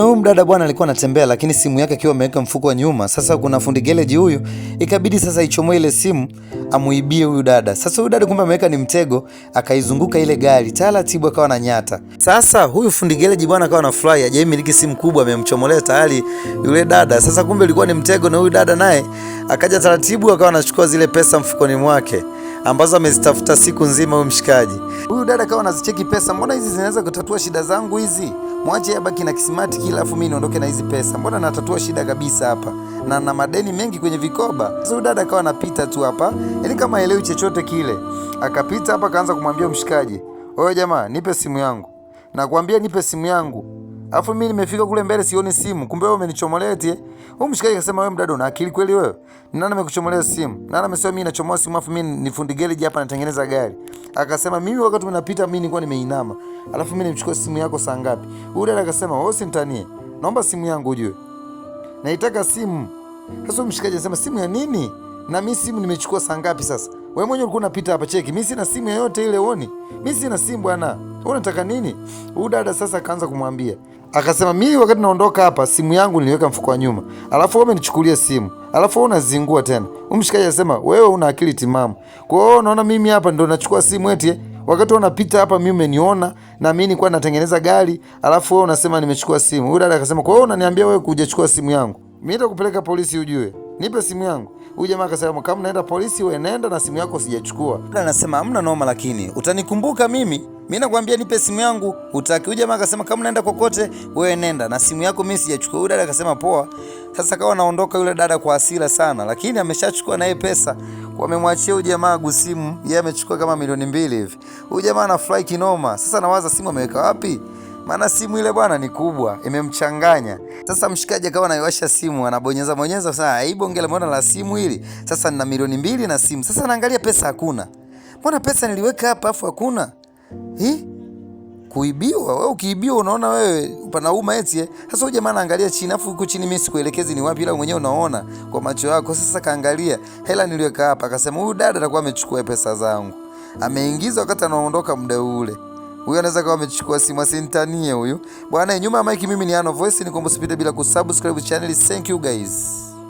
Na huyu mdada bwana alikuwa anatembea, lakini simu yake akiwa ameweka mfuko wa nyuma. Sasa kuna fundi geleji huyu, ikabidi sasa ichomoe ile simu amuibie huyu dada. Sasa huyu dada kumbe ameweka ni mtego, akaizunguka ile gari taratibu, akawa na nyata. Sasa huyu fundi geleji bwana akawa anafurahi, miliki simu kubwa, amemchomolea tayari yule dada. Sasa kumbe ilikuwa ni mtego, na huyu dada naye akaja taratibu, akawa anachukua zile pesa mfukoni mwake ambazo amezitafuta siku nzima huyu mshikaji. Huyu dada kawa nazicheki pesa, mbona hizi zinaweza kutatua shida zangu hizi? Mwache abaki na kisimati kila, afu mimi niondoke na hizi pesa, mbona natatua shida kabisa hapa na na madeni mengi kwenye vikoba. Sasa huyu dada kawa anapita tu hapa, yaani kama haelewi chochote kile, akapita hapa akaanza kumwambia mshikaji, wewe jamaa, nipe simu yangu, nakwambia nipe simu yangu Alafu mimi nimefika kule mbele sioni simu. Kumbe wewe umenichomolea eti. Huyu mshikaji akasema wewe mdada una akili kweli wewe? Ni nani amekuchomolea simu? Nani amesema mimi nachomoa simu afu mimi ni fundi garage hapa natengeneza gari. Akasema mimi wakati mnapita mimi nilikuwa nimeinama. Alafu mimi nimchukua simu yako saa ngapi? Huyu dada akasema wewe usinitanie. Naomba simu yangu ujue. Naitaka simu. Sasa mshikaji anasema simu ya nini? Na mimi simu nimechukua saa ngapi sasa? Wewe mwenyewe ulikuwa unapita hapa cheki. Mimi sina simu yoyote ile uone. Mimi sina simu bwana. Unataka nini? Huyu dada sasa akaanza kumwambia Akasema mimi wakati naondoka hapa simu yangu niliweka mfuko wa nyuma, alafu wewe umenichukulia simu, alafu wewe unazingua tena. Umshikaji asema wewe una akili timamu? Kwa hiyo unaona mimi hapa ndo nachukua simu eti eh, wakati unapita hapa mimi umeniona na mimi nilikuwa natengeneza gari, alafu wewe unasema nimechukua simu. Huyo dada akasema kwa hiyo unaniambia wewe kujachukua simu yangu, mimi nitakupeleka polisi ujue, nipe simu yangu. Huyu jamaa akasema kama unaenda polisi, wewe nenda na simu yako sijachukua. Anasema hamna noma, lakini utanikumbuka mimi mimi nakwambia nipe simu yangu, hutaki. Huyu jamaa akasema kama unaenda kokote wewe nenda na simu yako, mimi sijachukua. Huyu dada akasema poa. Sasa kawa naondoka yule dada kwa hasira sana, lakini ameshachukua naye pesa, wamemwachia huyu jamaa gu simu, yeye amechukua kama milioni mbili hivi. Huyu jamaa anafurahi kinoma. Sasa nawaza simu ameweka wapi? Maana simu ile bwana ni kubwa, imemchanganya. Sasa mshikaji akawa anaiwasha simu, anabonyeza bonyeza, sasa hii bonge la mbona la simu hili. Sasa nina milioni mbili na simu. Sasa naangalia pesa hakuna. Mbona pesa niliweka hapa afu hakuna? Hi? Kuibiwa wewe, ukiibiwa unaona wewe panauma eti. Eh? Sasa jamaa anaangalia chini, afu huko chini mimi sikuelekezi ni wapi, ila mwenyewe unaona kwa macho yako. Sasa kaangalia hela niliweka hapa, akasema huyu dada atakuwa amechukua pesa zangu, ameingiza wakati anaondoka muda ule huyu anaweza kawa amechukua simu asintanie huyu bwana. Nyuma ya mike, mimi ni Ano Voice, nikuombe usipite bila kusubscribe channel. Thank you guys.